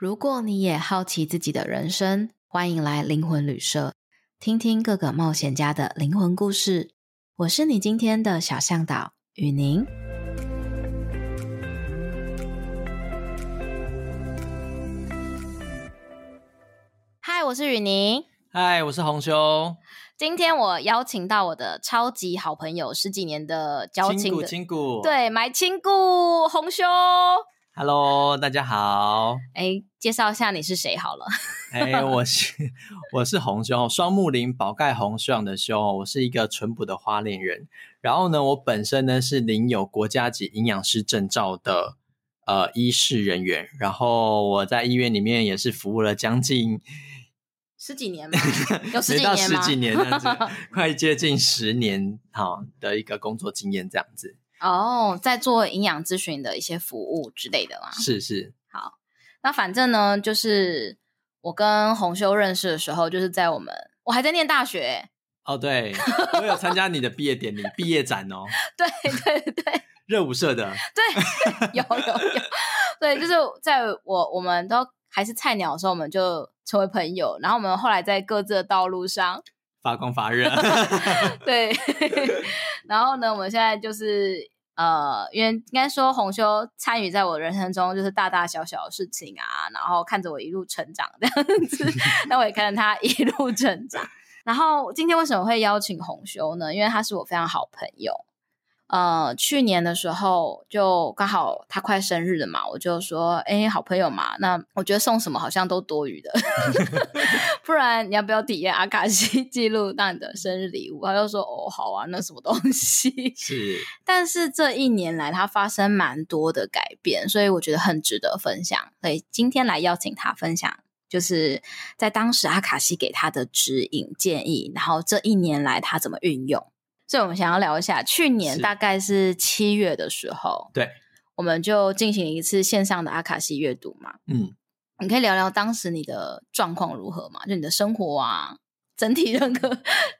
如果你也好奇自己的人生，歡迎來靈魂旅社，聽聽各個冒險家的靈魂故事。我是你今天的小向導宇寧。嗨，我是宇寧。嗨，我是宏修。今天我邀請到我的超級好朋友，十幾年的交情的親故，親故。對，買親故，宏修。哈嘍，Hello, 大家好。哎、欸，介紹一下你是誰好了。哎、 欸，我是我是宏修，雙木林寶蓋宏，修養的修。我是一個純樸的花蓮人。然後呢，我本身呢是領有國家級營養師證照的呃醫事人員。然後我在醫院裡面也是服務了將近十幾年嘛，有十幾年 沒到十幾年這樣快接近十年哈的一個工作經驗這樣子。哦，oh, 在做營養諮詢的一些服務之類的啦。是是，好，那反正呢，就是我跟宏修認識的時候，就是在我們我還在念大學。哦對，我有參加你的畢業典禮、畢 業展哦。對對對，熱舞社的。對，有有有，有 對，就是在我我們都還是菜鳥的時候，我們就成為朋友，然後我們後來在各自的道路上。發光發熱， 對。然後呢，我們現在就是呃，因為應該說宏修參與在我人生中就是大大小小的事情啊，然後看着我一路成長這樣子，那我也看着他一路成長。 然後今天為什麼會邀請宏修呢？因為他是我非常好朋友。呃，去年的時候就剛好他快生日了嘛，我就說，哎，好朋友嘛，那我覺得送什麼好像都多餘的， 不然你要不要體驗阿卡西記錄到你的生日禮物？他又說，哦，好啊，那什麼東西？是。 但是這一年來他發生蠻多的改變，所以我覺得很值得分享，所以今天來邀請他分享，就是在當時阿卡西給他的指引建議，然後這一年來他怎麼運用。所以我們想要聊一下，去年大概是七月的時候，對，我們就進行一次線上的阿卡西閱讀嘛。嗯，你可以聊聊當時你的狀況如何嘛？就你的生活啊，整體認可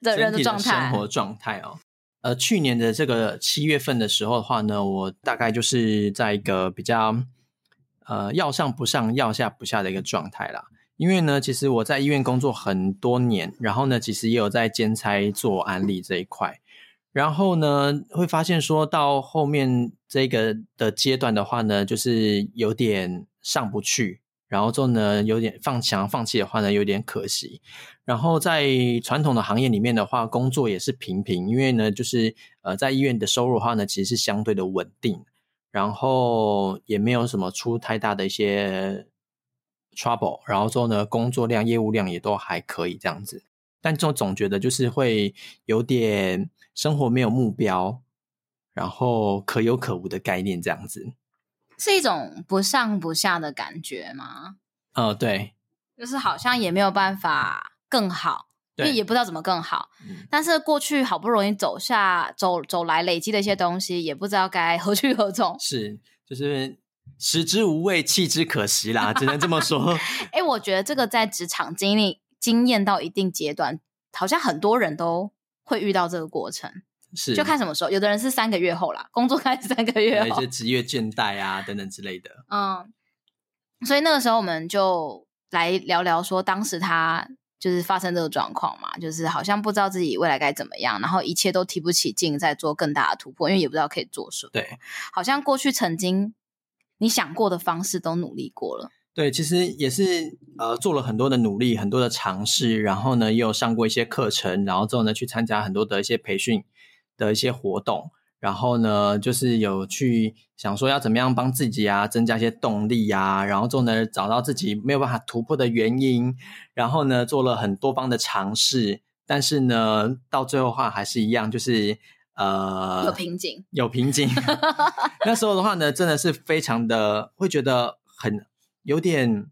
的人的狀態、生活狀態哦。呃，去年的這個七月份的時候的話呢，我大概就是在一個比較呃要上不上、要下不下的一個狀態啦。因為呢，其實我在醫院工作很多年，然後呢，其實也有在兼差做安利這一塊。然後呢，會發現說到後面這個的階段的話呢，就是有點上不去，然後之後呢有點放強放棄的話呢，有點可惜。然後在傳統的行業裡面的話，工作也是平平，因為呢就是呃在醫院的收入的話呢，其實是相對的穩定，然後也沒有什麼出太大的一些 trouble，然後之後呢工作量、業務量也都還可以這樣子。但就總覺得就是會有點生活沒有目標，然後可有可無的概念這樣子，是一種不上不下的感覺嗎？哦、嗯，對，就是好像也沒有辦法更好，對因為也不知道怎麼更好。嗯、但是過去好不容易走下走走來累積的一些東西，也不知道該何去何從。是，就是食之無味，棄之可惜啦， 只能這麼說。哎、欸，我覺得這個在職場經歷。經驗到一定階段，好像很多人都會遇到這個過程，是就看什麼時候。有的人是三個月後啦，工作開始三個月後，對，職業倦怠啊等等之類的。嗯，所以那個時候我們就來聊聊，說當時他就是發生這個狀況嘛，就是好像不知道自己未來該怎麼樣，然後一切都提不起勁，在做更大的突破，因為也不知道可以做什麼。對，好像過去曾經你想過的方式都努力過了。對，其實也是呃，做了很多的努力，很多的嘗試，然後呢，也有上過一些課程，然後之後呢，去參加很多的一些培訓的一些活動，然後呢，就是有去想說要怎麼樣幫自己啊，增加一些動力啊，然後之後呢，找到自己沒有辦法突破的原因，然後呢，做了很多方的嘗試，但是呢，到最後的話還是一樣，就是呃，有瓶頸，有瓶頸。 那時候的話呢，真的是非常的，會覺得很。有點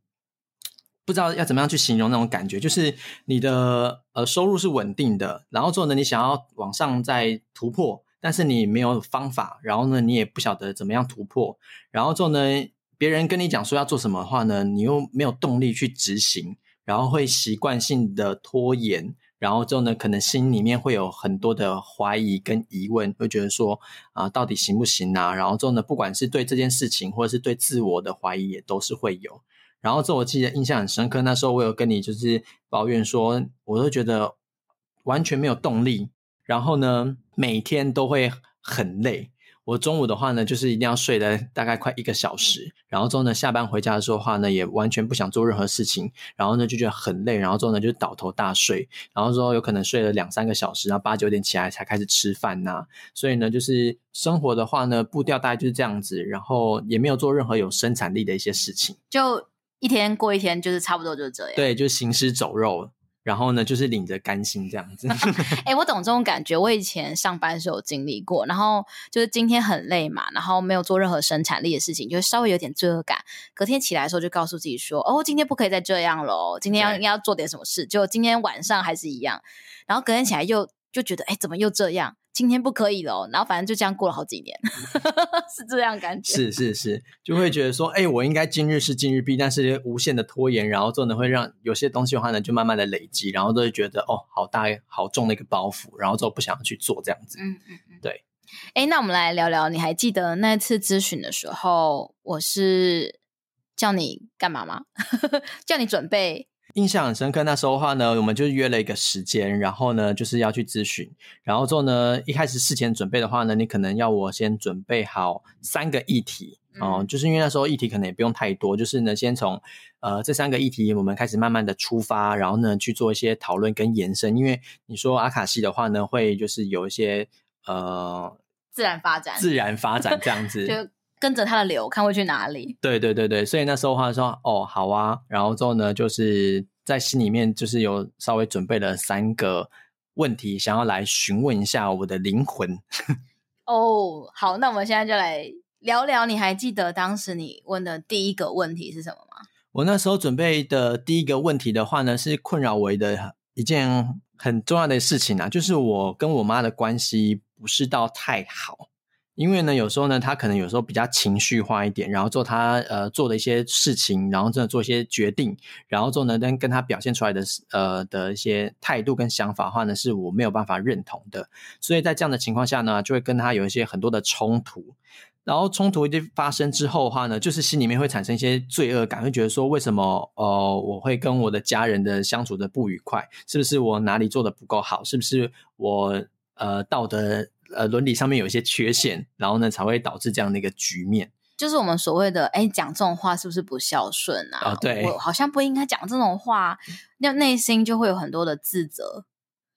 不知道要怎麼樣去形容那種感覺，就是你的呃收入是穩定的，然後之後呢，你想要往上再突破，但是你沒有方法，然後呢，你也不曉得怎麼樣突破，然後之後呢，別人跟你講說要做什麼的話呢，你又沒有動力去執行，然後會習慣性的拖延。然後之後呢，可能心裡面會有很多的懷疑跟疑問，會覺得說啊，到底行不行啊？然後之後呢，不管是對這件事情，或者是對自我的懷疑，也都是會有。然後這我記得印象很深刻，那時候我有跟你就是抱怨說，我都覺得完全沒有動力，然後呢，每天都會很累。我中午的話呢，就是一定要睡了大概快一個小時，嗯、然後之後呢，下班回家的時候的話呢，也完全不想做任何事情，然後呢就覺得很累，然後之後呢就倒頭大睡，然後之後有可能睡了兩三個小時，然後八九點起來才開始吃飯吶、啊。所以呢，就是生活的話呢步調大概就是這樣子，然後也沒有做任何有生產力的一些事情，就一天過一天，就是差不多就是這樣。對，就行屍走肉。然後呢，就是領着乾薪這樣子。哎 欸，我懂這種感覺，我以前上班的時候經歷過。然後就是今天很累嘛，然後沒有做任何生產力的事情，就稍微有點罪惡感。隔天起來的時候，就告訴自己說：“哦，今天不可以再這樣咯，今天要對應該要做點什麼事。”就今天晚上還是一樣，然後隔天起來又就覺得：“哎、欸，怎麼又這樣？”今天不可以了。哦，然後反正就這樣過了好幾年， 是這樣感覺，是是是，就會覺得說，哎、嗯，欸，我應該今日事今日畢，但是無限的拖延，然後之後呢，會讓有些東西的話呢，就慢慢的累積，然後都會覺得，哦，好大好重的一個包袱，然後就不想要去做這樣子，嗯嗯，嗯對，哎、欸，那我們來聊聊，你還記得那次諮詢的時候，我是叫你幹嘛嗎？ 叫你準備。印象很深刻，那時候的話呢，我們就約了一個時間，然後呢，就是要去諮詢，然後之後呢，一開始事前準備的話呢，你可能要我先準備好三個議題哦、嗯嗯，就是因為那時候議題可能也不用太多，就是呢，先從呃這三個議題我們開始慢慢的出發，然後呢去做一些討論跟延伸，因為你說阿卡西的話呢，會就是有一些呃自然發展，自然發展這樣子。 跟着他的流，看會去哪裡？對對對對，所以那時候他說：“哦，好啊。”然後之後呢，就是在心裡面就是有稍微準備了三個問題，想要來詢問一下我的靈魂。哦 ，oh, 好，那我們現在就來聊聊。你還記得當時你問的第一個問題是什麼嗎？我那時候準備的第一個問題的話呢，是困擾我的一件很重要的事情啊，就是我跟我媽的關係不是到太好。因為呢，有時候呢，他可能有時候比較情緒化一點，然後做他呃做的一些事情，然後真的做一些決定，然後做呢，跟跟他表現出來的呃的一些態度跟想法的話呢，是我沒有辦法認同的，所以在這樣的情況下呢，就會跟他有一些很多的衝突，然後衝突一定發生之後的話呢，就是心裡面會產生一些罪惡感，會覺得說為什麼呃我會跟我的家人的相處的不愉快，是不是我哪裡做的不夠好，是不是我呃道德。呃，倫理上面有一些缺陷，然後呢，才會導致這樣的一個局面。就是我們所謂的，哎，講這種話是不是不孝順啊？哦、對，我，我好像不應該講這種話，那內心就會有很多的自責、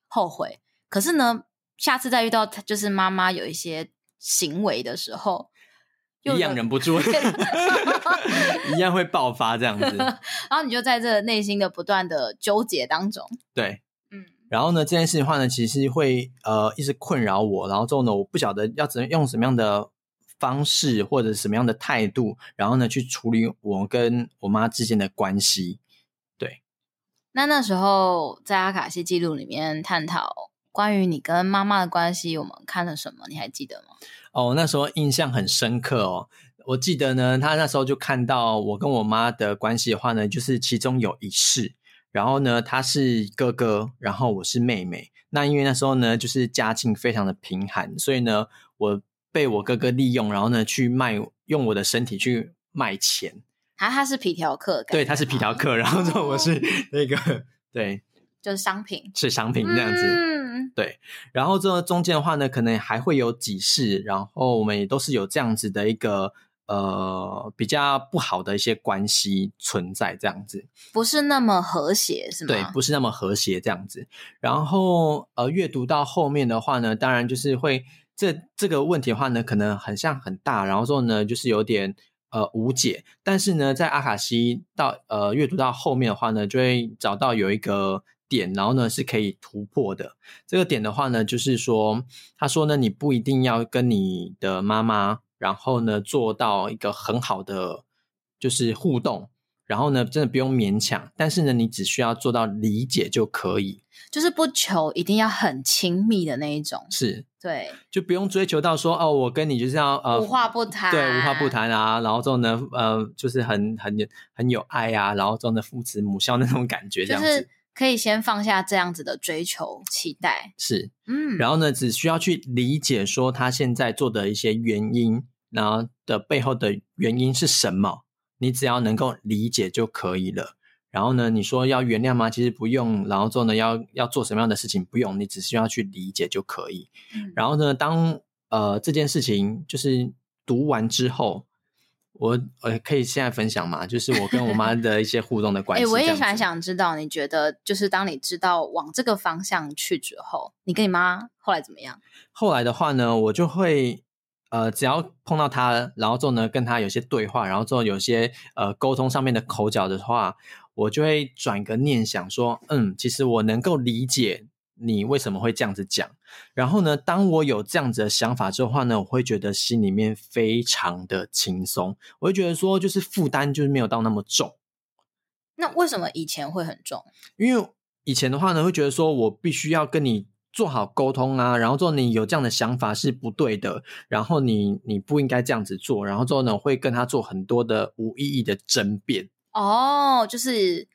後悔。可是呢，下次再遇到就是媽媽有一些行為的時候，一樣忍不住， 一樣會爆發這樣子。 然後你就在這內心的不斷的糾結當中，對。然後呢，這件事情的話呢，其實會呃一直困擾我。然後之後呢，我不曉得要怎樣，用什麼樣的方式或者什麼樣的態度，然後呢去處理我跟我媽之間的關係。對，那那時候在阿卡西紀錄裡面探討關於你跟媽媽的關係，我們看了什麼？你還記得嗎？哦，那時候印象很深刻哦。我記得呢，他那時候就看到我跟我媽的關係的話呢，就是其中有一世。然後呢，他是哥哥，然後我是妹妹。那因為那時候呢，就是家境非常的貧寒，所以呢，我被我哥哥利用，然後呢，去賣，用我的身體去賣錢。啊，他是皮條客，對，他是皮條客。啊、然後這我是那個，對，就是商品，是商品這樣子。嗯，對，然後這中間的話呢，可能還會有幾世，然後我們也都是有這樣子的一個。呃，比較不好的一些關係存在這樣子，不是那麼和諧，是嗎？對，不是那麼和諧這樣子。然後呃，閱讀到後面的話呢，當然就是會這這個問題的話呢，可能很像很大，然後之後呢，就是有點呃無解。但是呢，在阿卡西到呃閱讀到後面的話呢，就會找到有一個點，然後呢是可以突破的。這個點的話呢，就是說，他說呢，你不一定要跟你的媽媽。然後呢，做到一個很好的就是互動。然後呢，真的不用勉強。但是呢，你只需要做到理解就可以，就是不求一定要很親密的那一種。是對，就不用追求到說哦，我跟你就是要呃無話不談，對，無話不談啊。然後之後呢，呃，就是很很很有愛啊。然後這種的父慈母孝那種感覺這樣子，這就是可以先放下這樣子的追求期待。是，嗯。然後呢，只需要去理解說他現在做的一些原因。然後的背後的原因是什麼？你只要能夠理解就可以了。然後呢，你說要原諒嗎？其實不用。然後做呢，要要做什麼樣的事情？不用，你只需要去理解就可以、嗯、然後呢，當呃這件事情就是讀完之後，我我、呃、可以現在分享嗎？就是我跟我媽的一些互動的關係、 欸。我也蠻想知道，你覺得就是當你知道往這個方向去之後，你跟你媽後來怎麼樣？後來的話呢，我就會。呃，只要碰到他，然後之後呢，跟他有些對話，然後之後有些呃溝通上面的口角的話，我就會轉個念想說，嗯，其實我能夠理解你為什麼會這樣子講。然後呢，當我有這樣子的想法之後話呢，我會覺得心裡面非常的輕鬆，我會覺得說就是負擔就是沒有到那麼重。那為什麼以前會很重？因為以前的話呢，會覺得說我必須要跟你。做好溝通啊，然後之後你有這樣的想法是不對的，然後你你不應該這樣子做，然後之後呢會跟他做很多的無意義的爭辯。哦，oh, 就是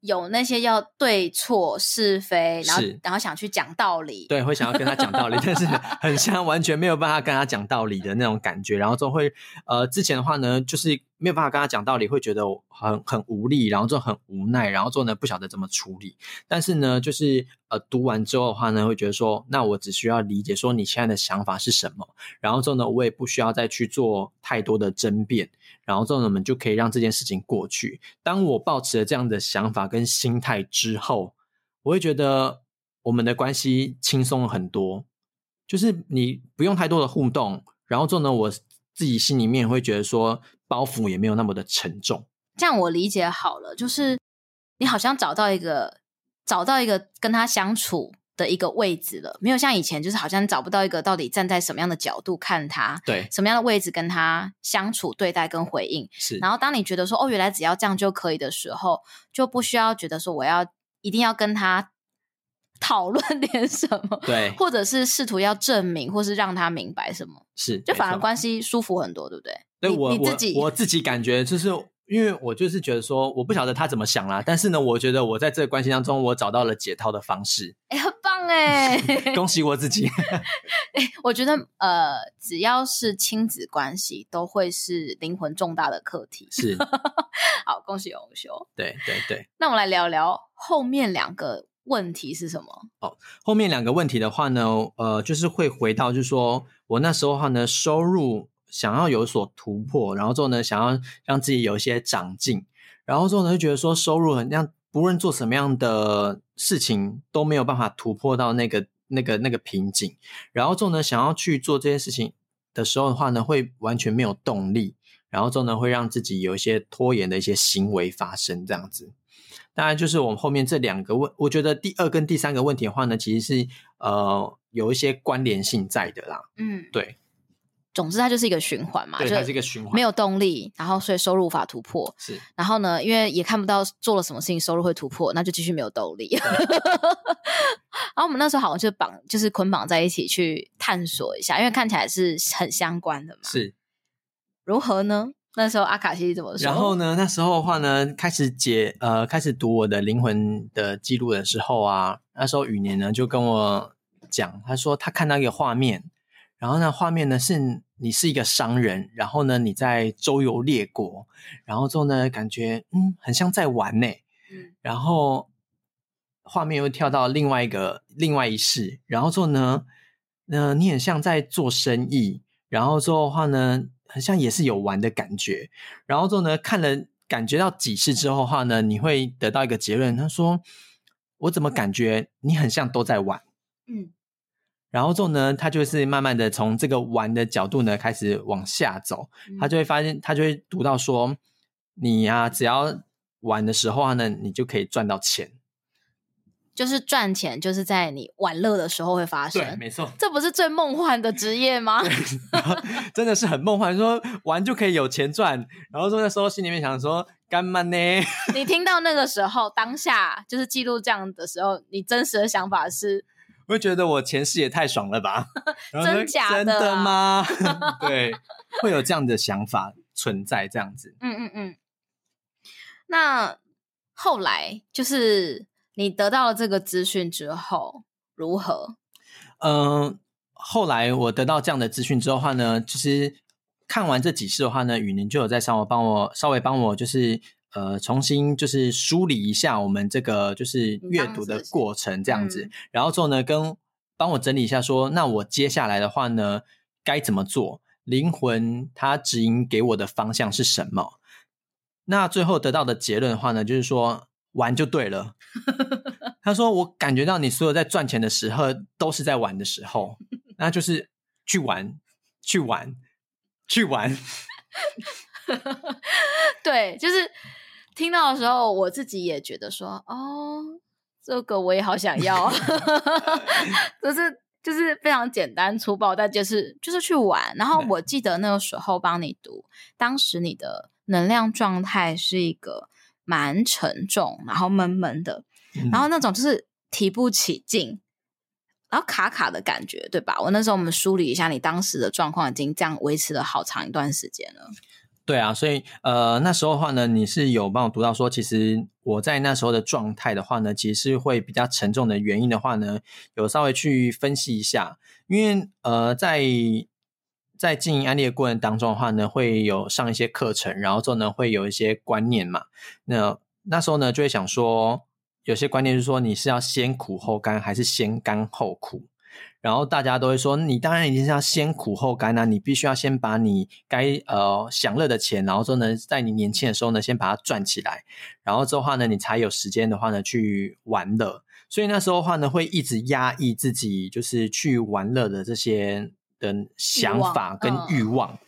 有那些要對錯是非，然後是然後想去講道理，對，會想要跟他講道理， 但是很像完全沒有辦法跟他講道理的那種感覺，然後就會呃之前的話呢就是。沒有辦法跟他講道理，會覺得很很無力，然後之後很無奈，然後之後呢不曉得怎麼處理。但是呢，就是呃讀完之後的話呢，會覺得說，那我只需要理解說你現在的想法是什麼，然後之後呢，我也不需要再去做太多的爭辯，然後之後呢我們就可以讓這件事情過去。當我抱持了這樣的想法跟心態之後，我會覺得我們的關係輕鬆很多，就是你不用太多的互動，然後之後呢我。自己心裡面會覺得說包袱也沒有那麼的沉重，這樣我理解好了，就是你好像找到一個找到一個跟他相處的一個位置了，沒有像以前就是好像找不到一個到底站在什麼樣的角度看他，對，什麼樣的位置跟他相處對待跟回應，是。然後當你覺得說哦，原來只要這樣就可以的時候，就不需要覺得說我要一定要跟他。討論點什麼，對，或者是試圖要證明，或是讓他明白什麼，是，就反而關係舒服很多，錯對不對？對你我自我，我自己感覺就是，因為我就是覺得說，我不曉得他怎麼想啦、啊，但是呢，我覺得我在這個關係當中，我找到了解套的方式，哎、欸，很棒哎， 恭喜我自己。 欸、我覺得呃，只要是親子關係，都會是靈魂重大的課題。是， 好，恭喜宏修。對對對，那我們來聊聊後面兩個。問題是什麼？哦，後面兩個問題的話呢，呃，就是會回到，就是說我那時候的話呢，收入想要有所突破，然後之後呢，想要讓自己有一些長進，然後之後呢，就覺得說收入很像，不論做什麼樣的事情都沒有辦法突破到那個那個那個瓶頸，然後之後呢，想要去做這些事情的時候的話呢，會完全沒有動力，然後之後呢，會讓自己有一些拖延的一些行為發生，這樣子。當然，就是我們後面這兩個問，我覺得第二跟第三個問題的話呢，其實是呃有一些關聯性在的啦。嗯，對。總之，它就是一個循環嘛，對，它是一個循環，沒有動力，嗯、然後所以收入無法突破。是，然後呢，因為也看不到做了什麼事情，收入會突破，那就繼續沒有動力。對 然後我們那時候好像就綁，就是捆綁在一起去探索一下，因為看起來是很相關的嘛。是，如何呢？那時候阿卡西怎麼說？然後呢？那時候的話呢，開始解呃，開始讀我的靈魂的記錄的時候啊，那時候宇寧呢就跟我講，他說他看到一個畫面，然後那畫面呢是你是一個商人，然後呢你在周遊列國，然後之後呢感覺嗯很像在玩呢、欸，然後畫面又跳到另外一個另外一世，然後之後呢，呃你很像在做生意，然後之後的話呢。很像也是有玩的感覺，然後之後呢，看了感覺到幾次之後的話呢，你會得到一個結論，他說：“我怎麼感覺你很像都在玩？”嗯，然後之後呢，他就是慢慢的從這個玩的角度呢開始往下走，他就會發現，他就會讀到說：“你呀、啊，只要玩的時候啊，呢你就可以賺到錢。”就是賺錢，就是在你玩樂的時候會發生。對，沒錯，這不是最夢幻的職業嗎？真的是很夢幻， 說玩就可以有錢賺，然後說那時候心裡面想說幹嘛呢？你聽到那個時候 當下就是記錄這樣的時候，你真實的想法是？我會覺得我前世也太爽了吧？ 真假的、啊、真的嗎？ 對，會有這樣的想法存在這樣子。嗯嗯嗯。那後來就是。你得到了這個資訊之後如何？嗯、呃，後來我得到這樣的資訊之後話呢，其、就、實、是、看完這幾世的話呢，宇寧就有在上，我，幫我稍微幫我就是呃，重新就是梳理一下我們這個就是閱讀的過程這樣子，嗯、然後之後呢，跟幫我整理一下說，那我接下來的話呢，該怎麼做？靈魂它指引給我的方向是什麼？那最後得到的結論的話呢，就是說。玩就對了，他說：“我感覺到你所有在賺錢的時候，都是在玩的時候，那就是去玩，去玩，去玩。” 對，就是聽到的時候，我自己也覺得說：“哦，這個我也好想要。 ”就是就是非常簡單粗暴，但就是就是去玩。然後我記得那個時候幫你讀，對當時你的能量狀態是一個。蠻沉重，然後悶悶的，然後那種就是提不起勁，嗯、然後卡卡的感覺，對吧？我那時候我們梳理一下你當時的狀況，已經這樣維持了好長一段時間了。對啊，所以呃那時候的話呢，你是有幫我讀到說，其實我在那時候的狀態的話呢，其實是會比較沉重的原因的話呢，有稍微去分析一下，因為呃在。在經營案例的過程當中的話呢，會有上一些課程，然後之後呢會有一些觀念嘛。那那時候呢就會想說，有些觀念是說你是要先苦後甘，還是先甘後苦？然後大家都會說，你當然已經是要先苦後甘啊！你必須要先把你該呃享樂的錢，然後之後呢，在你年輕的時候呢，先把它賺起來，然後之後話呢，你才有時間的話呢去玩樂。所以那時候話呢，會一直壓抑自己，就是去玩樂的這些。的想法跟慾望，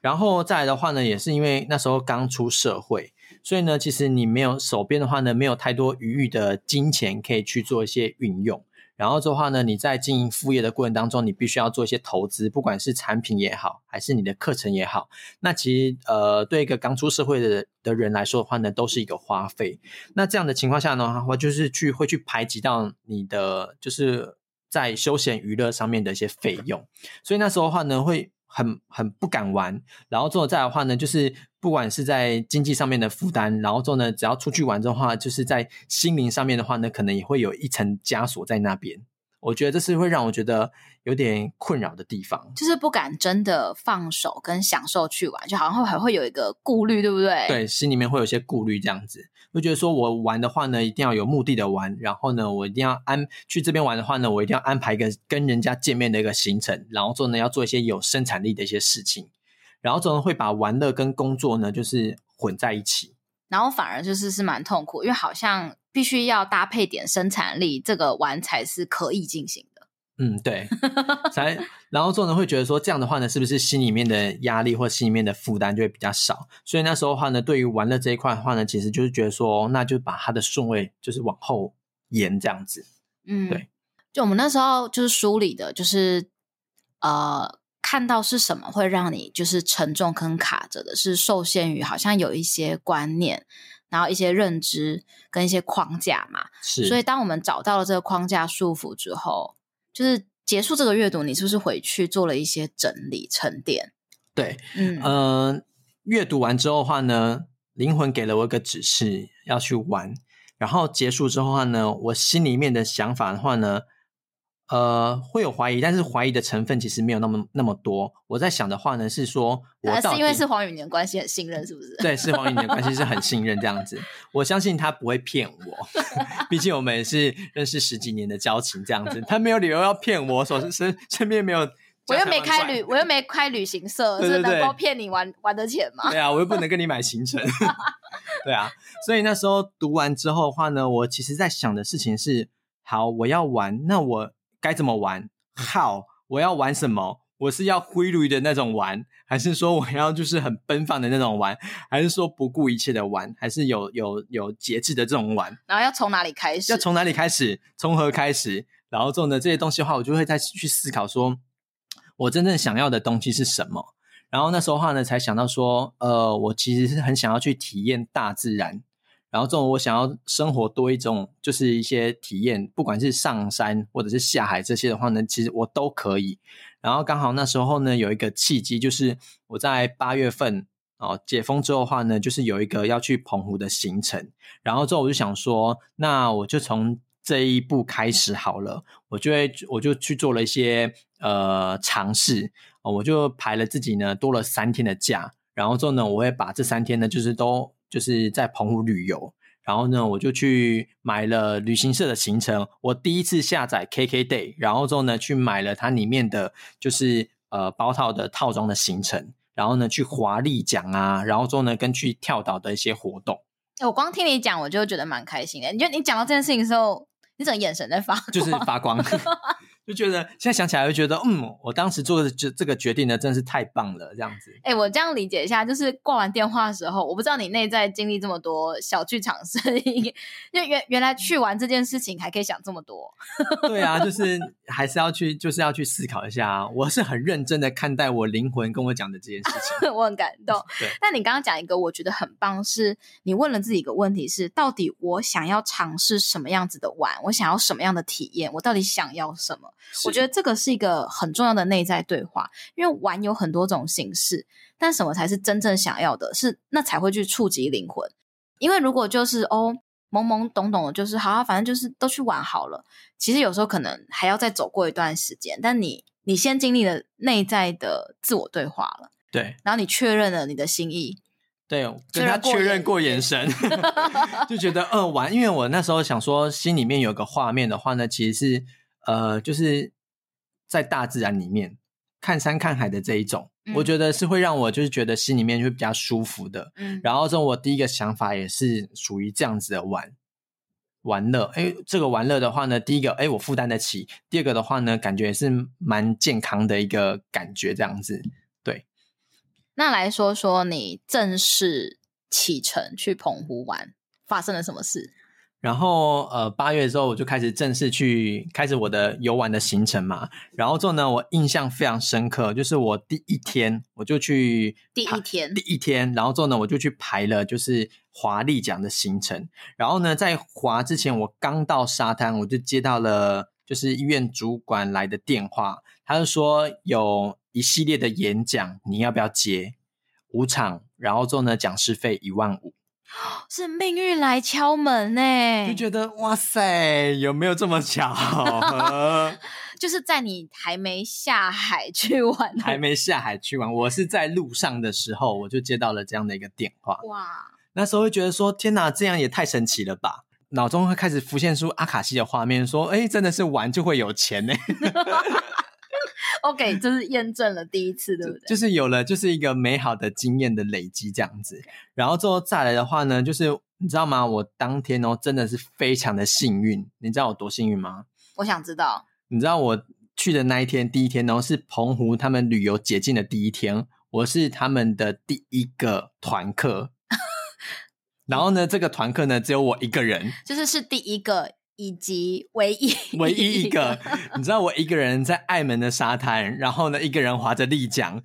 然後再來的話呢，也是因為那時候剛出社會，所以呢，其實你沒有手邊的話呢，沒有太多餘裕的金錢可以去做一些運用。然後這的話呢，你在經營副業的過程當中，你必須要做一些投資，不管是產品也好，還是你的課程也好。那其實呃，對一個剛出社會的的人來說的話呢，都是一個花費。那這樣的情況下呢，我就是去會去排擠到你的就是。在休閒娛樂上面的一些費用，所以那時候的話呢，會很很不敢玩。然後之後再的話呢，就是不管是在經濟上面的負擔，然後之後呢，只要出去玩之後的話，就是在心靈上面的話呢，可能也會有一層枷鎖在那邊。我覺得這是會讓我覺得。有點困擾的地方，就是不敢真的放手跟享受去玩，就好像會還會有一個顧慮，對不對？對，心裡面會有些顧慮，這樣子我覺得說我玩的話呢，一定要有目的的玩，然後呢，我一定要安去這邊玩的話呢，我一定要安排一個跟人家見面的一個行程，然後做呢，要做一些有生產力的一些事情，然後之後呢，會把玩樂跟工作呢，就是混在一起，然後反而就是是蠻痛苦，因為好像必須要搭配點生產力，這個玩才是可以進行的。嗯，對，才然後做人會覺得說這樣的話呢，是不是心裡面的壓力或心裡面的負擔就會比較少？所以那時候的話呢，對於玩樂這一塊的話呢，其實就是覺得說，那就把它的順位就是往後延這樣子。嗯，對，就我們那時候就是梳理的，就是呃，看到是什麼會讓你就是沉重跟卡着的，是受限於好像有一些觀念，然後一些認知跟一些框架嘛。是，所以當我們找到了這個框架束縛之後。就是結束這個閱讀，你是不是回去做了一些整理沉澱？對，嗯，呃，閱讀完之後的話呢，靈魂給了我一個指示，要去玩。然後結束之後的話呢，我心裡面的想法的話呢。呃，會有懷疑，但是懷疑的成分其實沒有那麼那麼多。我在想的話呢，是說，還、呃、是因為是黃宇寧關係很信任，是不是？對，是黃宇寧關係是很信任這樣子。 我相信他不會騙我， 畢竟我們也是認識十幾年的交情這樣子，他沒有理由要騙我， 所是是身，身邊沒有。我又沒開旅，我又沒開旅行社， 對對對是能夠騙你玩玩的錢嘛。對啊，我又不能跟你買行程。 對啊，所以那時候讀完之後的話呢，我其實在想的事情是：好，我要玩，那我。該怎麼玩？How？我要玩什麼？我是要揮霍的那種玩，還是說我要就是很奔放的那種玩，還是說不顧一切的玩，還是有有有節制的這種玩？然後要從哪裡開始？要從哪裡開始？從何開始？然後這種的這些東西的話，我就會再去思考說，我真正想要的東西是什麼。然後那時候的話呢，才想到說，呃，我其實是很想要去體驗大自然。然後這種我想要生活多一種，就是一些體驗，不管是上山或者是下海這些的話呢，其實我都可以。然後剛好那時候呢，有一個契機，就是我在八月份哦解封之後的話呢，就是有一個要去澎湖的行程。然後之後我就想說，那我就從這一步開始好了，我就會我就去做了一些呃嘗試，我就排了自己呢多了三天的假。然後之後呢，我會把這三天呢，就是都。就是在澎湖旅遊，然後呢，我就去買了旅行社的行程。我第一次下載 KK Day，然後之後呢，去買了它裡面的，就是呃包套的套裝的行程。然後呢，去華麗獎啊，然後之後呢，跟去跳島的一些活動。我光聽你講，我就覺得蠻開心的。你就你講到這件事情的時候，你整個眼神在發光，就是發光。 就覺得現在想起來就覺得，嗯，我當時做的這這個決定呢，真是太棒了，這樣子。哎、欸，我這樣理解一下，就是掛完電話的時候，我不知道你內在經歷這麼多小劇場聲音，因為原原來去玩這件事情還可以想這麼多。 對啊，就是還是要去，就是要去思考一下啊。我是很認真的看待我靈魂跟我講的這件事情，啊、我很感動。 對，那你剛剛講一個我覺得很棒是，是你問了自己一個問題是：是到底我想要嘗試什麼樣子的玩？我想要什麼樣的體驗？我到底想要什麼？是我覺得這個是一個很重要的內在對話，因為玩有很多種形式，但什麼才是真正想要的？是那才會去觸及靈魂。因為如果就是哦懵懵懂懂的，就是好、啊，反正就是都去玩好了。其實有時候可能還要再走過一段時間，但你你先經歷了內在的自我對話了，對，然後你確認了你的心意，對，跟他確認過眼神，就覺得嗯玩、呃。因為我那時候想說，心裡面有個畫面的話呢，其實是。呃，就是在大自然裡面看山看海的這一種，嗯、我覺得是會讓我就是覺得心裡面就會比較舒服的。嗯，然後這種我第一個想法也是屬於這樣子的玩玩樂。哎、欸，這個玩樂的話呢，第一個，哎、欸，我負擔得起；第二個的話呢，感覺也是蠻健康的一個感覺，這樣子。對。那來說說你正式啟程去澎湖玩，發生了什麼事？然後，呃，八月之後我就開始正式去開始我的遊玩的行程嘛。然後之後呢，我印象非常深刻，就是我第一天我就去第一天第一天，然後之後呢，我就去排了就是華麗獎的行程。然後呢，在華之前，我剛到沙灘，我就接到了就是醫院主管來的電話，他就說有一系列的演講，你要不要接？五場，然後之後呢，講師費一萬五。是命運來敲門呢、欸，就覺得哇塞，有沒有這麼巧、啊、 就是在你還沒下海去玩、啊，還沒下海去玩，我是在路上的時候，我就接到了這樣的一個電話。哇，那時候會覺得說，天哪、啊，這樣也太神奇了吧！腦中會開始浮現出阿卡西的畫面，說，哎、欸，真的是玩就會有錢呢、欸。 OK，就是驗證了第一次，對不對？就，就是有了，就是一個美好的經驗的累積這樣子。Okay. 然後最後再來的話呢，就是你知道嗎？我當天哦，真的是非常的幸運，你知道我多幸運嗎？我想知道。你知道我去的那一天，第一天哦，是澎湖他們旅游解禁的第一天，我是他們的第一個團客。 然後呢， 這個團客呢，只有我一個人，就是是第一個。以及唯一唯一一個， 你知道我一個人在愛門的沙灘，然後呢，一個人划着立槳，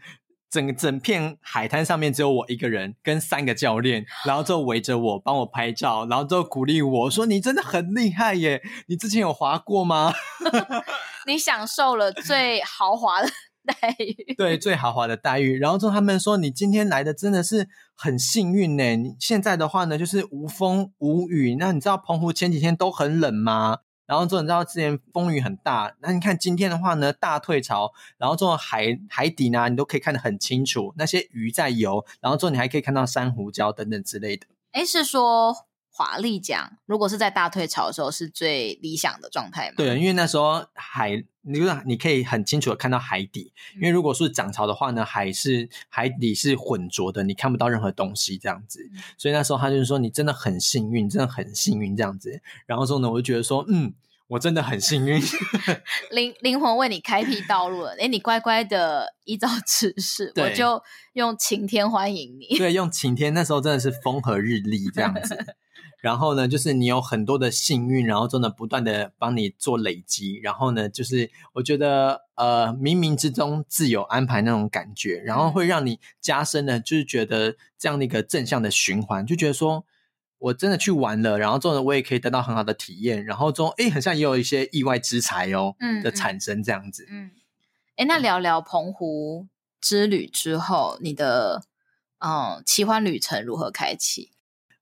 整個整片海灘上面只有我一個人，跟三個教練，然後就圍着我幫 我拍照，然後就鼓勵我說，你真的很厲害耶，你之前有划過嗎？ 你享受了最豪華的。 待遇，對，最豪華的待遇，然後之後他們說，你今天來的真的是很幸運呢。你現在的話呢，就是無風無雨。那你知道澎湖前幾天都很冷嗎？然後之後你知道之前風雨很大，那你看今天的話呢，大退潮，然後這種海海底呢，你都可以看得很清楚，那些魚在游，然後之後你還可以看到珊瑚礁等等之類的。誒，是說。華麗講，如果是在大退潮的時候，是最理想的狀態嘛？對，因為那時候海，你，你可以很清楚的看到海底。嗯、因為如果是漲潮的話呢，海是海底是渾濁的，你看不到任何東西這樣子。嗯、所以那時候他就是說，你真的很幸運，真的很幸運這樣子。然後說呢，我就覺得說，嗯，我真的很幸運，靈靈 魂為你開闢道路了。哎、欸，你乖乖的依照指示，對我就用晴天歡迎你。對，用晴天，那時候真的是風和日麗這樣子。 然後呢，就是你有很多的幸運，然後真的不斷的幫你做累積。然後呢，就是我覺得呃，冥冥之中自有安排那種感覺，然後會讓你加深了，就是覺得這樣的一個正向的循環，就覺得說我真的去玩了，然後做的我也可以得到很好的體驗。然後說，哎，好像也有一些意外之財哦、嗯、的產生這樣子。嗯，哎、嗯，那聊聊澎湖之旅之後，你的嗯奇幻旅程如何開啟？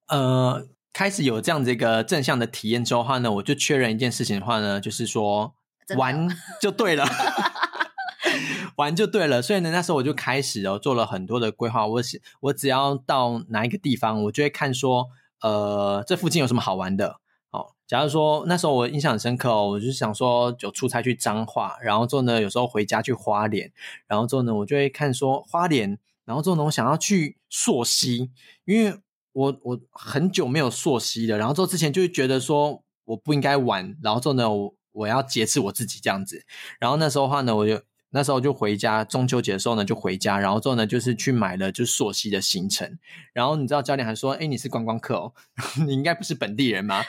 呃。開始有這樣子一個正向的體驗之後的話呢，我就確認一件事情的話呢，就是說玩就對了， 玩就對了。所以呢，那時候我就開始哦，做了很多的規劃。我我只要到哪一個地方，我就會看說，呃，這附近有什麼好玩的。哦，假如說那時候我印象很深刻哦，我就想說有出差去彰化，然後之後呢，有時候回家去花蓮，然後之後呢，我就會看說花蓮，然後之後呢，我想要去溯溪，因為。我我很久沒有溯溪了，然後之後之前就是覺得說我不應該玩，然後之後呢，我我要節制我自己這樣子。然後那時候的話呢，我就那時候就回家，中秋節的時候呢就回家，然後之後呢就是去買了就溯溪的行程。然後你知道教練還說，哎、欸，你是觀光客，哦？」「你應該不是本地人嗎？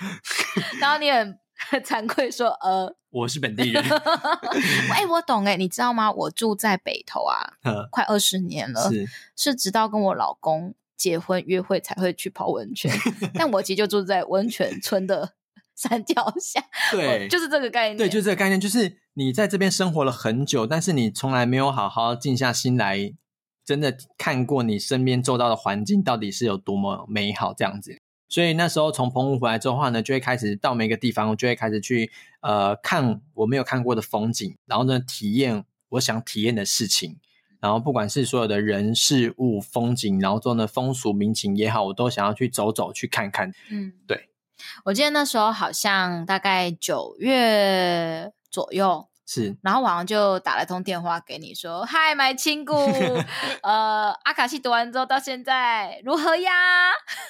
然後你很慚愧說，呃，我是本地人。哎、 欸，我懂誒、欸、你知道嗎？我住在北投啊，呵快二十年了，是，是直到跟我老公，結婚約會才會去泡溫泉，但我其實就住在溫泉村的山腳下， 對、哦，就是這個概念，對，就是這個概念，就是你在這邊生活了很久，但是你從來沒有好好靜下心來，真的看過你身邊周遭的環境到底是有多麼美好這樣子。所以那時候從澎湖回來之後的話呢，就會開始到每個地方，我就會開始去呃看我沒有看過的風景，然後呢體驗我想體驗的事情。然後不管是所有的人事物風景，然後中的風俗民情也好，我都想要去走走，去看看。嗯，對。我記得那時候好像大概九月左右是，然後晚上就打了通電話給你說：“嗨是，買青姑。 呃，阿卡西讀完之後到現在如何呀？”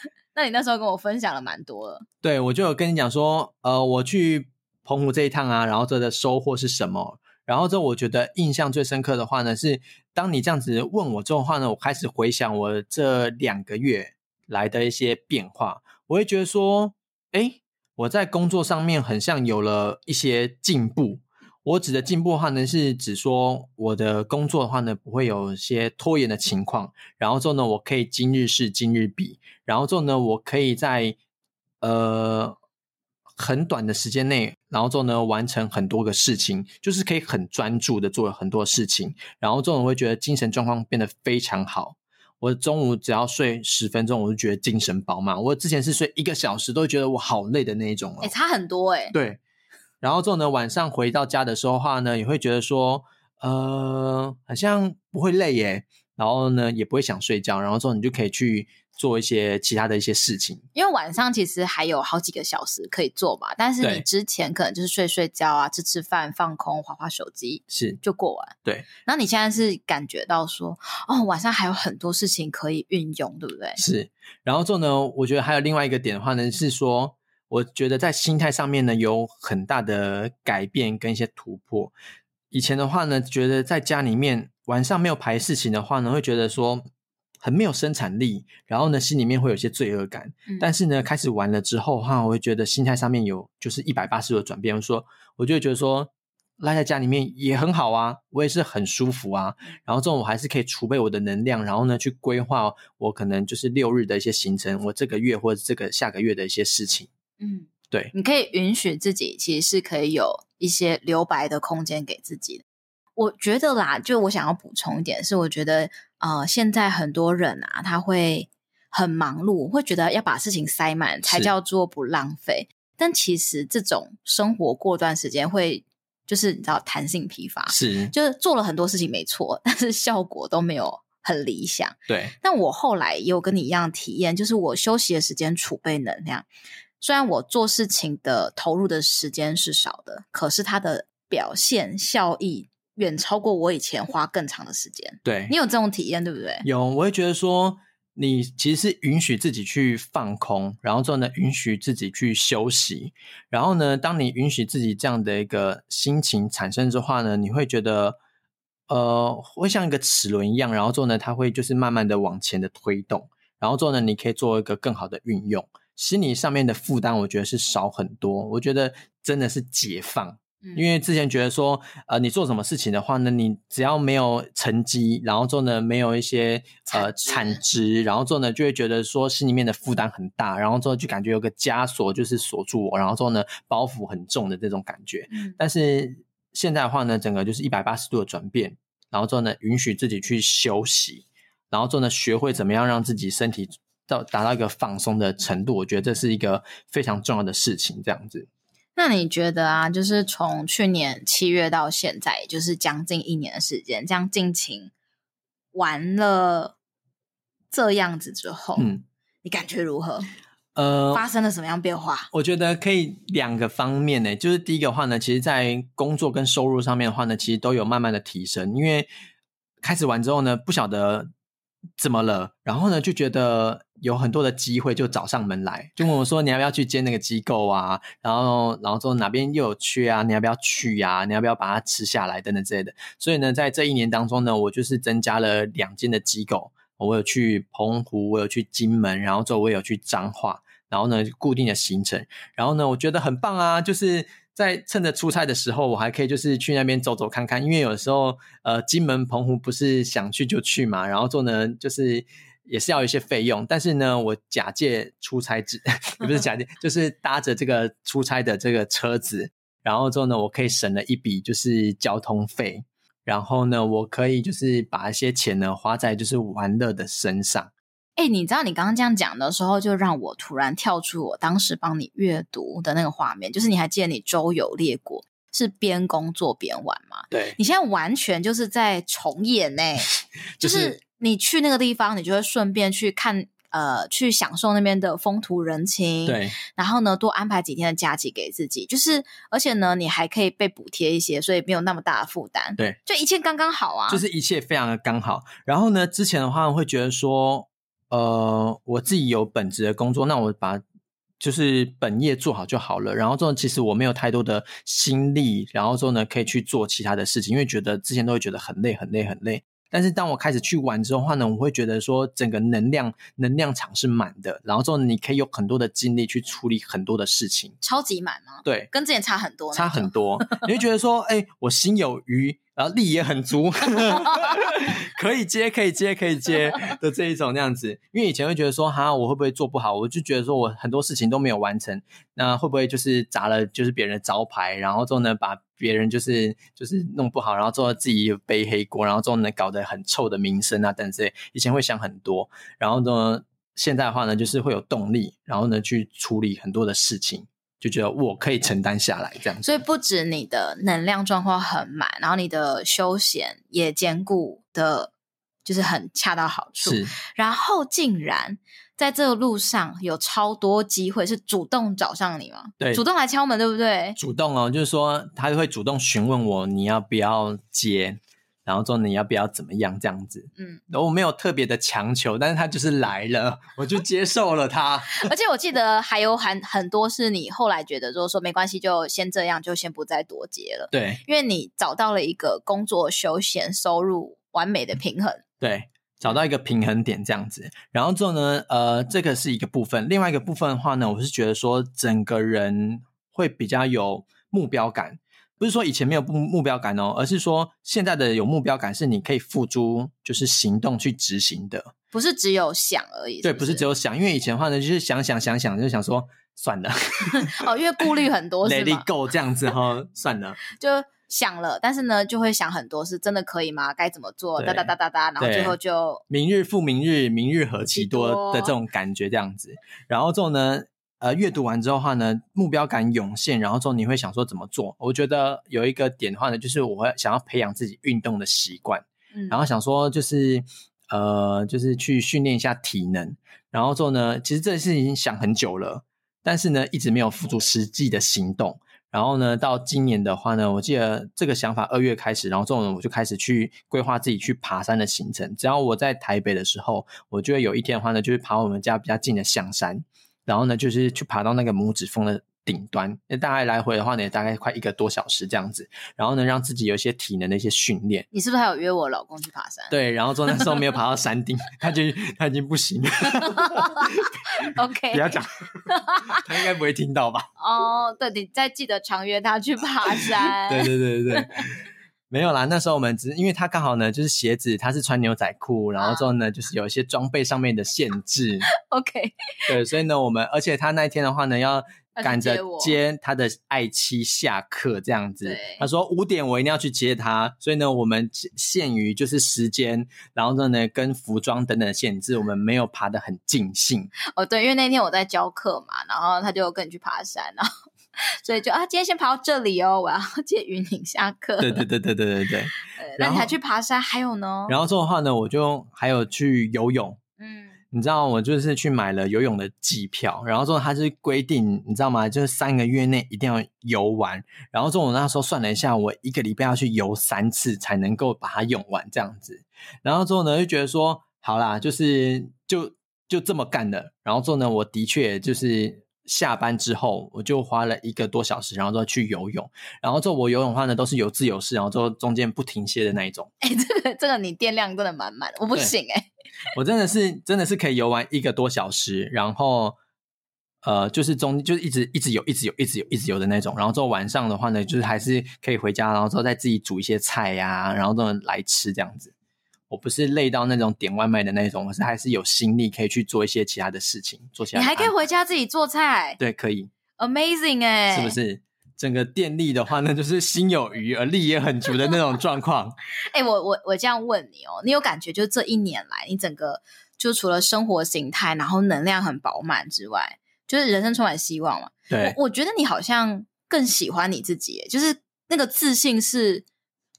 那你那時候跟我分享了蠻多了。對，我就有跟你講說，呃，我去澎湖這一趟啊，然後這的收穫是什麼？然後這我覺得印象最深刻的話呢，是當你這樣子問我之後話呢，我開始回想我這兩個月來的一些變化，我會覺得說，哎，我在工作上面很像有了一些進步。我指的進步的話呢，是指說我的工作的話呢，不會有一些拖延的情況。然後之後呢，我可以今日事今日畢。然後之後呢，我可以在呃。很短的時間內，然後之後呢，完成很多個事情，就是可以很專注的做很多事情，然後這種會覺得精神狀況變得非常好。我中午只要睡十分鐘，我就覺得精神飽滿。我之前是睡一個小時，都會覺得我好累的那一種哎、喔欸，差很多哎、欸。對，然後之後呢，晚上回到家的時候的話呢，也會覺得說，呃，好像不會累耶、欸。然後呢，也不會想睡覺，然後之後你就可以去做一些其他的一些事情。因為晚上其實還有好幾個小時可以做嘛，但是你之前可能就是睡睡覺啊，對吃吃飯，放空，滑滑手機，是就過完。對。然後你現在是感覺到說，哦，晚上還有很多事情可以運用，對不對？是。然後之後呢，我覺得還有另外一個點的話呢，是說，我覺得在心態上面呢，有很大的改變跟一些突破。以前的話呢，覺得在家裡面。晚上沒有排事情的話呢，會覺得說很沒有生產力，然後呢，心裡面會有些罪惡感。嗯、但是呢，開始玩了之後的話，我會覺得心態上面有就是一百八十度的轉變。我說，我就會覺得說賴在家裡面也很好啊，我也是很舒服啊。然後這種我還是可以儲備我的能量，然後呢，去規劃我可能就是六日的一些行程，我這個月或者這個下個月的一些事情。嗯，對，你可以允許自己，其實是可以有一些留白的空間給自己的。我覺得啦，就我想要補充一點是，我覺得呃，現在很多人啊，他會很忙碌，會覺得要把事情塞滿才叫做不浪費。是但其實這種生活過段時間會，就是你知道彈性疲乏，是就是做了很多事情沒錯，但是效果都沒有很理想。對，但我後來也有跟你一樣體驗，就是我休息的時間儲備能量，雖然我做事情的投入的時間是少的，可是它的表現效益。遠超過我以前花更長的時間。對，你有這種體驗，對不對？有，我會覺得說，你其實是允許自己去放空，然後之後呢，允許自己去休息，然後呢，當你允許自己這樣的一個心情產生之後呢，你會覺得，呃，會像一個齒輪一樣，然後之後呢，它會就是慢慢的往前的推動，然後之後呢，你可以做一個更好的運用，心理上面的負擔，我覺得是少很多。我覺得真的是解放。因為之前覺得說，呃，你做什麼事情的話呢，你只要沒有成績，然後之後呢，沒有一些呃產值，然後之後呢就會覺得說心裡面的負擔很大，然後之後就感覺有個枷鎖就是鎖住我，然後之後呢，包袱很重的這種感覺。但是現在的話呢，整個就是一百八十度的轉變，然後之後呢，允許自己去休息，然後之後呢，學會怎麼樣讓自己身體到達到一個放鬆的程度，我覺得這是一個非常重要的事情，這樣子。那你覺得啊，就是從去年七月到現在，就是將近一年的時間，這樣盡情玩了這樣子之後，嗯，你感覺如何？呃，發生了什麼樣變化？我覺得可以兩個方面呢、欸，就是第一個的話呢，其實，在工作跟收入上面的話呢，其實都有慢慢的提升，因為開始玩之後呢，不曉得怎麼了，然後呢，就覺得。有很多的機會就找上門來，就問我說：“你要不要去接那個機構啊？”然後，然後說哪邊又有缺啊？你要不要去呀、啊？你要不要把它吃下來？等等之類的。所以呢，在這一年當中呢，我就是增加了兩間的機構。我有去澎湖，我有去金門，然後之後我有去彰化。然後呢，固定的行程。然後呢，我覺得很棒啊！就是在趁着出差的時候，我還可以就是去那邊走走看看。因為有的時候呃，金門、澎湖不是想去就去嘛。然後之後呢，就是。也是要一些費用，但是呢，我假借出差之，也不是假借， 就是搭着這個出差的這個車子，然後之後呢，我可以省了一筆就是交通費，然後呢，我可以就是把一些錢呢花在就是玩樂的身上。哎、欸，你知道你剛剛這樣講的時候，就讓我突然跳出我當時幫你閱讀的那個畫面，就是你還記得你周遊列國是邊工作邊玩嗎？對，你現在完全就是在重演呢、欸，就是。 就是你去那個地方，你就會順便去看，呃，去享受那邊的風土人情。對，然後呢，多安排幾天的假期給自己，就是，而且呢，你還可以被補貼一些，所以沒有那麼大的負擔。對，就一切剛剛好啊，就是一切非常的剛好。然後呢，之前的話會覺得說，呃，我自己有本職的工作，那我把就是本業做好就好了。然後之後，其實我沒有太多的心力，然後之後呢，可以去做其他的事情，因為覺得之前都會覺得很累很累，很累，很累。但是當我開始去玩之後的話呢，我會覺得說，整個能量能量場是滿的，然後之後你可以有很多的精力去處理很多的事情。超級滿嗎？啊？對，跟之前差很多，差很多。 你會覺得說，哎、欸，我心有餘，然後力也很足， 可以接，可以接，可以接的這一種那樣子。因為以前會覺得說，哈，我會不會做不好？我就覺得說我很多事情都沒有完成，那會不會就是砸了就是別人的招牌？然後之後呢，把。別人就是就是弄不好，然後做到自己背黑鍋，然後做能搞得很臭的名聲啊等等之類。以前會想很多，然後呢，現在的話呢就是會有動力，然後呢去處理很多的事情，就覺得我可以承擔下來這樣子。所以不止你的能量狀況很滿，然後你的休閒也兼顧的，就是很恰到好處。是。然後竟然，在這個路上有超多機會是主動找上你嗎？對，主動來敲門，對不對？主動哦，就是說他會主動詢問我你要不要接，然後說你要不要怎麼樣這樣子。嗯，然後我沒有特別的強求，但是他就是來了，我就接受了他。 而且我記得還有很很多是你後來覺得說，如果說沒關係，就先這樣，就先不再多接了。對，因為你找到了一個工作休閒收入完美的平衡。嗯、對。找到一個平衡點這樣子，然後之後呢，呃，這個是一個部分，另外一個部分的話呢，我是覺得說整個人會比較有目標感，不是說以前沒有目目標感哦，而是說現在的有目標感是你可以付諸就是行動去執行的，不是只有想而已是不是？對，不是只有想，因為以前的話呢，就是想想想想，想，就想說算了， 哦，因為顧慮很多，Let it go 這樣子哈， 算了，就。想了，但是呢，就會想很多，是真的可以嗎？該怎麼做？噠噠噠噠噠，然後最後就明日復明日，明日何其多的這種感覺，這樣子。然後之後呢，呃，閱讀完之後的話呢，目標感湧現，然後之後你會想說怎麼做？我覺得有一個點的話呢，就是我會想要培養自己運動的習慣，然後想說就是呃，就是去訓練一下體能。然後之後呢，其實這件事情已經想很久了，但是呢，一直沒有付諸實際的行動。然後呢，到今年的話呢，我記得這個想法二月開始，然後這種我就開始去規劃自己去爬山的行程。只要我在台北的時候，我就會有一天的話呢，就是爬我們家比較近的象山，然後呢，就是去爬到那個拇指峰的頂端那大概來回的話呢，也大概快一個多小時這樣子，然後呢，讓自己有一些體能的一些訓練。你是不是還有約我老公去爬山？對，然後那時候沒有爬到山頂， 他就他已經不行了。 OK，不要講， 他應該不會聽到吧？哦，oh, 對，你再記得常約他去爬山。對 對對對對，沒有啦，那時候我們只因為他剛好呢，就是鞋子他是穿牛仔褲，然後之後呢、ah. 就是有一些裝備上面的限制。OK，對，所以呢我們，而且他那一天的話呢要。趕着接他的愛妻下課，這樣子。對他說五點我一定要去接他，所以呢，我們限於就是時間，然後呢跟服裝等等的限制，我們沒有爬得很盡興。哦，對，因為那天我在教課嘛，然後他就跟你去爬山，然後所以就啊，今天先爬到這裡哦，我要接宇寧下課。對對對對對對對。然後、嗯、你還去爬山，後還有呢。然後說的話呢，我就還有去游泳。你知道我就是去買了游泳的季票，然後之後他就規定，你知道嗎？就是三個月內一定要游完。然後之後我那時候算了一下，我一個禮拜要去游三次才能夠把它游完這樣子。然後之後呢，就覺得說好啦，就是就就這麼幹的。然後之後呢，我的確就是，下班之後，我就花了一個多小時，然後就去游泳。然後做我游泳的話呢，都是游自由式，然後做中間不停歇的那一種。哎、欸，這個這個你電量真的滿滿，我不行哎、欸。我真的是真的是可以游完一個多小時，然後呃，就是中就是，一直一直游，一直游，一直游，一直游的那種。然後做晚上的話呢，就是還是可以回家，然後之後再自己煮一些菜呀、啊，然後就來吃這樣子。我不是累到那種點外賣的那種，我是還是有心力可以去做一些其他的事情，做起來。你還可以回家自己做菜，對，可以，Amazing 哎耶，是不是？整個電力的話呢，那就是心有餘而力也很足的那種狀況。哎、 欸，我我我這樣問你哦、喔，你有感覺就是這一年來，你整個就除了生活形態，然後能量很飽滿之外，就是人生充滿希望嘛？對我，我覺得你好像更喜歡你自己，就是那個自信是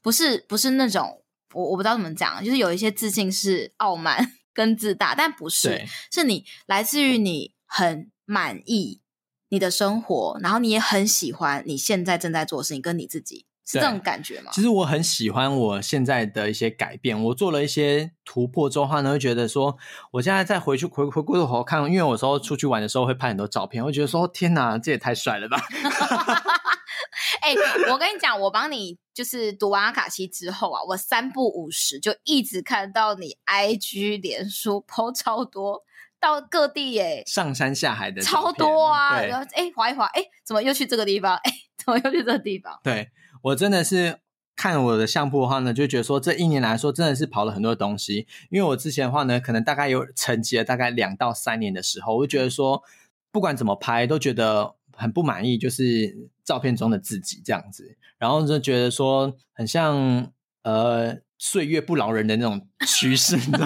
不是不是那種？我我不知道怎麼講，就是有一些自信是傲慢跟自大，但不是，對是你來自於你很滿意你的生活，然後你也很喜歡你現在正在做的事情，跟你自己是這種感覺嗎？其實我很喜歡我現在的一些改變，我做了一些突破之後呢，會覺得說，我現在再回去回回過頭看，因為我有時候出去玩的時候會拍很多照片，我覺得說，天哪，這也太帥了吧！ 哎、 欸，我跟你講，我幫你就是讀完阿、啊、卡西之後啊，我三不五時就一直看到你 IG 臉書 PO 超多到各地耶、欸，上山下海的超多啊！然後哎滑一滑，哎、欸、怎麼又去這個地方？哎、欸、怎麼又去這個地方？對，我真的是看我的相簿的話呢，就覺得說這一年來說真的是跑了很多東西，因為我之前的話呢，可能大概有沉寂了大概兩到三年的時候，我就覺得說不管怎麼拍都覺得很不滿意，就是。照片中的自己這樣子，然後就覺得說很像呃歲月不饒人的那種趨勢，你知道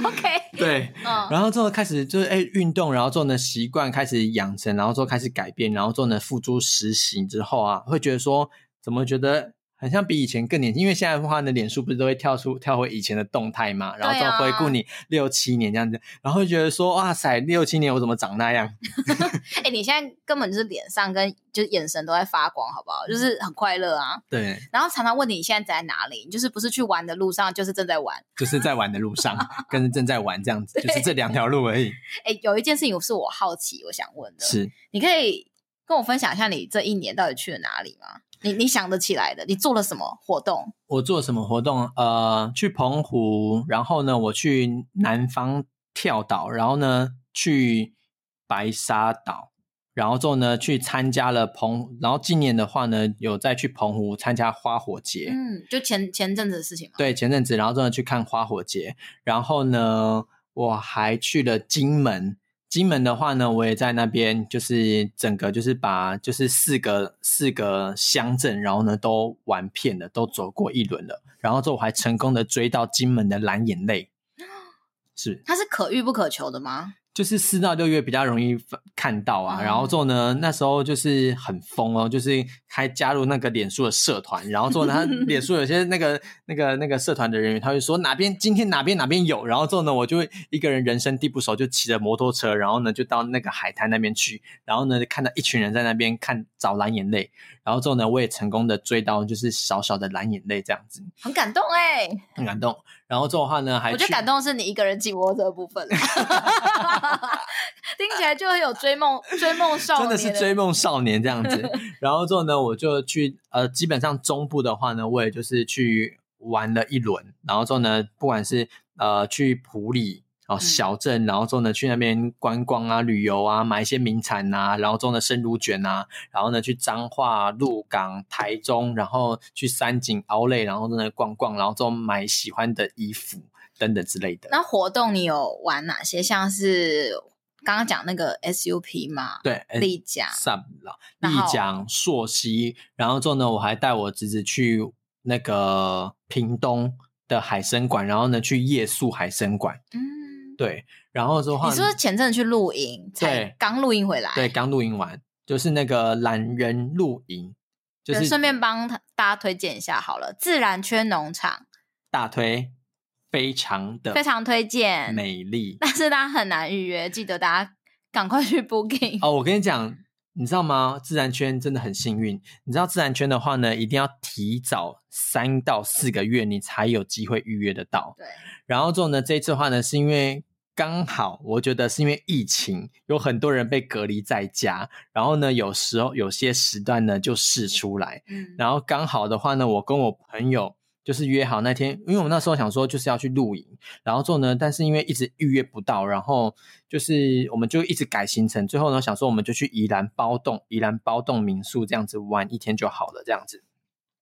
嗎？OK，對，oh. 然後之後開始就是哎、欸、運動，然後之後呢習慣開始養成，然後之後開始改變，然後之後呢付諸實行之後啊，會覺得說怎麼覺得？很像比以前更年輕，因為現在的話，你的臉書不是都會跳出跳回以前的動態嘛？然後再回顧你六七年這樣子，啊、然後覺得說哇塞，六七年我怎麼長那樣？哎、 欸，你現在根本就是臉上跟就是眼神都在發光，好不好？就是很快樂啊。對。然後常常問你，你現在在哪裡，就是不是去玩的路上，就是正在玩，就是在玩的路上， 跟正在玩這樣子，對就是這兩條路而已。哎、欸，有一件事情是我好奇，我想問的，是你可以跟我分享一下你這一年到底去了哪裡嗎？你你想得起來的？你做了什麼活動？我做什麼活動？呃，去澎湖，然後呢，我去南方跳島，然後呢，去白沙島，然後之後呢，去參加了澎，然後今年的話呢，有再去澎湖參加花火節。嗯，就前前陣子的事情嗎？對，前陣子，然後真的去看花火節，然後呢，我還去了金門。金門的話呢，我也在那邊，就是整個就是把就是四個四個鄉鎮，然後呢都玩遍了，都走過一輪了，然後最後還成功的追到金門的藍眼淚，是它是可遇不可求的嗎？就是四到六月比較容易看到啊，然後之後呢，那時候就是很瘋哦，就是還加入那個臉書的社團，然後之後呢他臉書有些那個 那個、那個、那個社團的人員，他會說哪邊今天哪邊哪邊有，然後之後呢，我就一個人人生地不熟，就騎着摩托車，然後呢就到那個海灘那邊去，然後呢看到一群人在那邊看找藍眼淚，然後之後呢我也成功的追到就是小小的藍眼淚這樣子，很感動哎、欸，很感動。然後之後的話呢，還我覺得感動是你一個人緊握這部分了， 聽起來就很有追夢追夢少年的，真的是追夢少年這樣子。 然後之後呢，我就去呃，基本上中部的話呢，我也就是去玩了一輪。然後之後呢，不管是呃去埔里，哦，小鎮，然後之後呢，去那邊觀光啊、旅遊啊，買一些名產啊，然後之後呢，生乳卷啊，然後呢，去彰化、鹿港、台中，然後去三井，Outlet，然後在那逛逛，然後之後買喜歡的衣服等等之類的。那活動你有玩哪些？像是剛剛講那個 SUP 嘛？對，立槳三郎、立槳、溯溪，然後之後呢，我還帶我侄子去那個屏東的海生館，然後呢，去夜宿海生館。嗯。對，然後說話你是不是前陣去露營？對才剛露營回來。對，剛露營完，就是那個懶人露營，就是順便幫大家推薦一下好了。自然圈農場大推，非常的非常推薦，美麗，但是大家很難預約，記得大家趕快去 booking。哦，我跟你講，你知道嗎？自然圈真的很幸運，你知道自然圈的話呢，一定要提早三到四個月，你才有機會預約得到。對，然後之後呢，這一次的話呢，是因為。剛好，我覺得是因為疫情，有很多人被隔離在家，然後呢，有時候有些時段呢就試出來，然後剛好的話呢，我跟我朋友就是約好那天，因為我那時候想說就是要去露營，然後之後呢，但是因為一直預約不到，然後就是我們就一直改行程，最後呢想說我們就去宜蘭包棟，宜蘭包棟民宿這樣子玩一天就好了這樣子，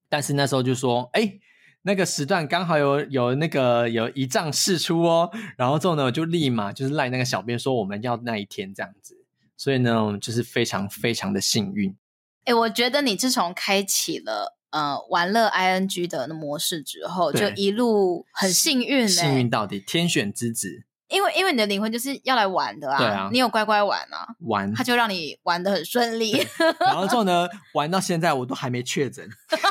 但是那時候就說，哎。那個時段剛好有有那個有一帳釋出哦，然後之後呢，我就立馬就是賴那個小編說，我們要那一天這樣子，所以呢，我們就是非常非常的幸運。哎、欸，我覺得你自從開啟了呃玩樂 ING 的模式之後，對就一路很幸運、欸，幸運到底天選之子。因為因為你的靈魂就是要來玩的啊，對啊，你有乖乖玩啊，玩他就讓你玩得很順利。然後之後呢， 玩到現在我都還沒確診。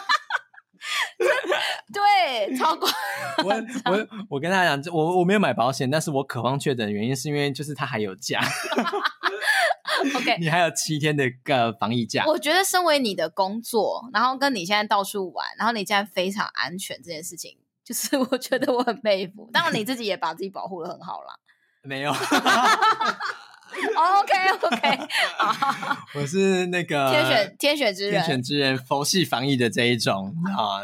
對，超過我我我跟他講，我我沒有買保險，但是我渴望確診的原因是因為就是他還有假。 OK，你還有七天的個、呃、防疫假。我覺得身為你的工作，然後跟你現在到處玩，然後你現在非常安全這件事情，就是我覺得我很佩服。當然你自己也把自己保護得很好啦。沒有。 oh, OK OK，oh, okay. 我是那個天選天選之人，天選之人佛系防疫的這一種好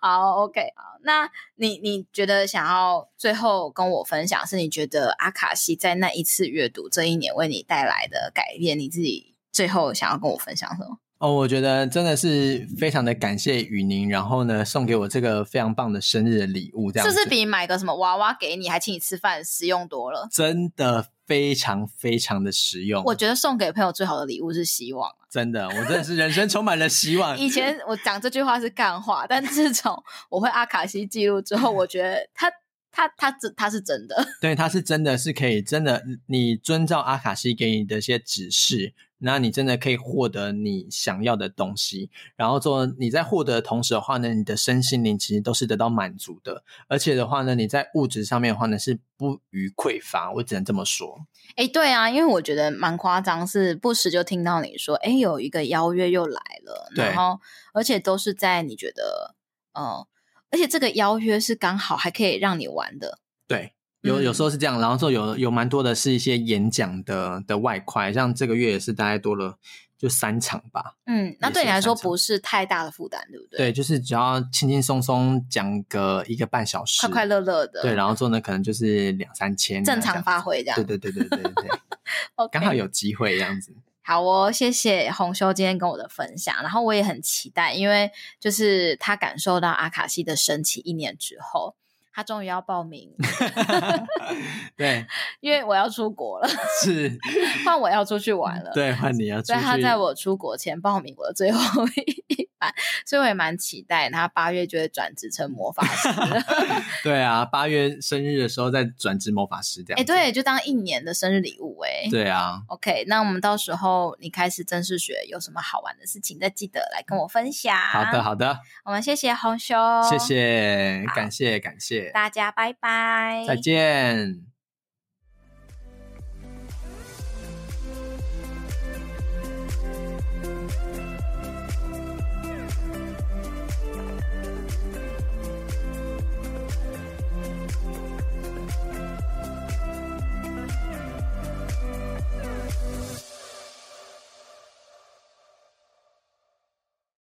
好、oh, OK 好、oh.，那你你覺得想要最後跟我分享，是你覺得阿卡西在那一次閱讀這一年為你帶來的改變，你自己最後想要跟我分享什麼？哦，我覺得真的是非常的感謝宇寧，然後呢送給我這個非常棒的生日的禮物，這樣是不是比買個什麼娃娃給你，還請你吃飯實用多了？真的非常非常的實用。我覺得送給朋友最好的禮物是希望啊，真的，我真的是人生充滿了希望。 以前我講這句話是幹話，但自從我會阿卡西記錄之後，我覺得他。 他他他是真的對，對他是真的，是可以真的。你遵照阿卡西給你的一些指示，那你真的可以獲得你想要的東西。然後做你在獲得的同時的話呢，你的身心靈其實都是得到滿足的。而且的話呢，你在物質上面的話呢是不虞匱乏，我只能這麼說。哎，對啊，因為我覺得蠻誇張，是不時就聽到你說，哎，有一個邀約又來了，對然後而且都是在你覺得，嗯。而且這個邀約是剛好還可以讓你玩的。對，有有時候是這樣，然後說有有蠻多的是一些演講的的外快，像這個月也是大概多了就三場吧。嗯，那對你來說不是太大的負擔，對不對？對，就是只要輕輕鬆鬆講個一個半小時，快快樂樂的。對，然後做呢，可能就是兩三千，啊，正常發揮這樣。對對，對對對對對對， Okay. 剛好有機會這樣子。好，哦，謝謝宏修今天跟我的分享，然後我也很期待，因為就是他感受到阿卡西的神奇一年之後。他終於要報名， 對，因為我要出國了，是換我要出去玩了，對，換你要出去，所以他在我出國前報名我的最後一班，所以我也蠻期待他八月就會轉職成魔法師。 對啊，八月生日的時候再轉職魔法師這樣，哎，欸、對，就當一年的生日禮物哎、欸。對啊，OK，那我們到時候你開始正式學，有什麼好玩的事情，再記得來跟我分享。好的，好的，我們謝謝宏修，謝謝，好感謝，感謝。大家拜拜，再見。